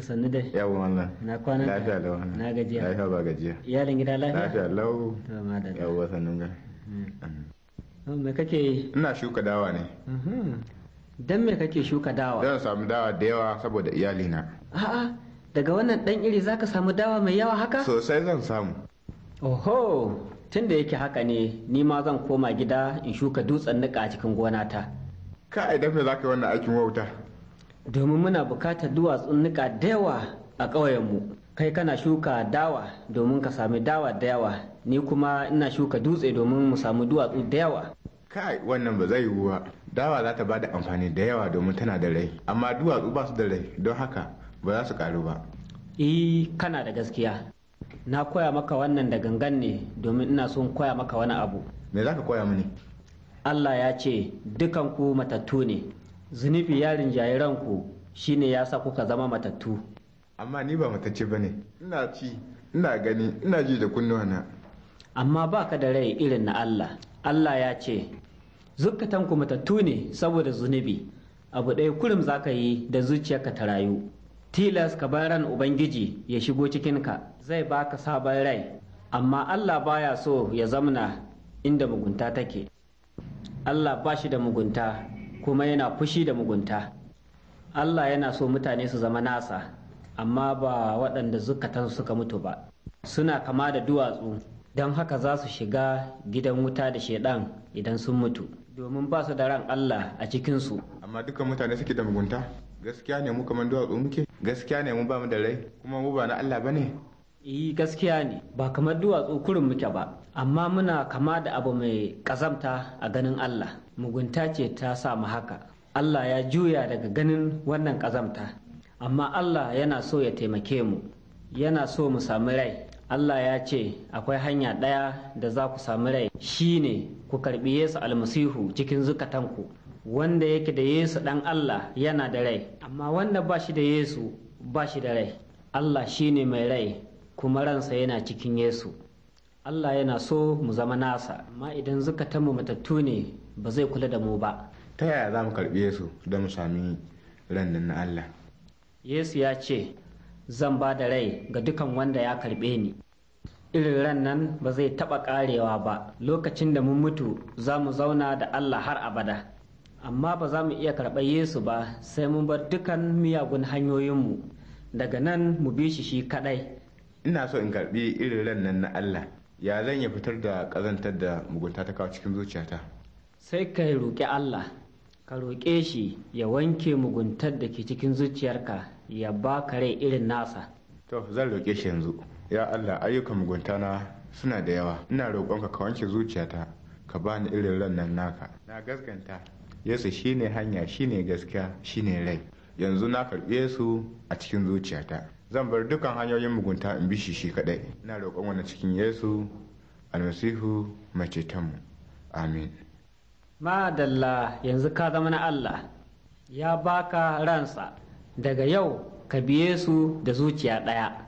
sannu dai yawon wannan na kwana lafiya lau na gajiya lafiya ba gajiya iyalin gida lafiya lafiya lau yawon sannu ga hmm. Hmm. me kake yi ina shuka dawa ne mm-hmm. dan me kake shuka dawa zan samu dawa da yawa saboda iyalina a'a daga wannan dan iri zaka samu dawa mai yawa haka sosai zan samu oho tunda yake haka ne ni ma zan koma gida in shuka dutsen niƙa a cikin gonata ka idan me zaka yi wannan aikin wauta domin muna bukatar duwatsun nika da yawa a ƙauyenmu kai kana shuka dawa domin ka sami dawa da yawa ni kuma ina shuka dutse domin mu samu duwatsu da yawa kai wannan ba zai yiwu ba dawa za ta ba da amfani da yawa domin tana da rai amma duwatsu ba su da rai don haka ba za su karu ba E, kana da gaskiya na koya maka wannan da gangan ne domin ina son koya maka wani abu me za ka koya mini Allah ya ce dukanku matattu ne zunubi ya rinjaye ranku shine ya sa kuka zama matattu amma ni ba matacce ba ne ina ci ina gani ina ji da kunnuwana amma ba ka da rai irin na Allah Allah ya ce zukatanku matattu ne saboda zunubi abu ɗaya kurum za ka yi da zuciyarka ta rayu tilas ka bar ran ubangiji ya shigo cikinka zai baka sabon rai amma Allah baya so ya zamna inda mugunta take Allah ba shi da mugunta kuma yana fushi da mugunta Allah yana so mutane su zama nasa amma ba waɗanda zukatan suka mutu ba suna kama da duwatsu don haka za su shiga gidan wuta da shaidan idan sun mutu domin ba su da ran Allah a cikinsu amma dukkan mutane suke da mugunta gaskiya ne mu kamar duwatsu muke gaskiya ne mu ba mu da rai kuma mu ba na Allah ba ne Eh gaskiya ne ba kamar duwatsu kurin muke ba amma muna kama da abu mai ƙazamta a ganin Allah mugunta ce ta sa mu haka Allah ya juya daga ganin wannan ƙazamta amma Allah yana so ya taimake mu yana so mu sami rai Allah ya ce akwai hanya ɗaya da za ku sami rai shine ku karɓi Yesu almasihu cikin zukatanku wanda yake da Yesu dan Allah yana da rai amma wanda ba shi da Yesu ba shi da rai Allah shine mai rai kuma ransa yana cikin Yesu. Allah yana so mu zama nasa, amma idan zukatanmu matattu ne ba zai kula da mu ba. Ta yaya za mu karɓi Yesu don mu sami ran na Allah? Yesu ya ce, Zan ba da rai ga dukan wanda ya karɓe ni. Irin ran nan ba zai taɓa ƙarewa ba, lokacin da mun mutu za mu zauna da Allah har abada. Amma ba za mu iya karɓar Yesu ba sai mun bar dukan miyagun hanyoyinmu, daga nan mu bi shi shi kaɗai. ina so in karbi irin ran nan na Allah ya zan ya fitar da kazantar da mugunta ta kawo cikin zuciyata sai ka roƙi Allah ka roƙe shi ya wanke muguntar da ke cikin zuciyarka ya ba ka rai irin nasa to zan roƙe shi yanzu ya Allah ayyukan mugunta na suna da yawa ina roƙonka ka wanke zuciyata ka bani irin ran nan naka na gaskanta yesu shine hanya shine gaskiya shine rai yanzu na karɓe su a cikin zuciyata zan bar dukan hanyoyin mugunta in bi shi shi kadai ina roƙon wannan cikin yesu almasihu tamu amin madalla yanzu ka zama na allah ya baka ransa daga yau ka biye su da zuciya ɗaya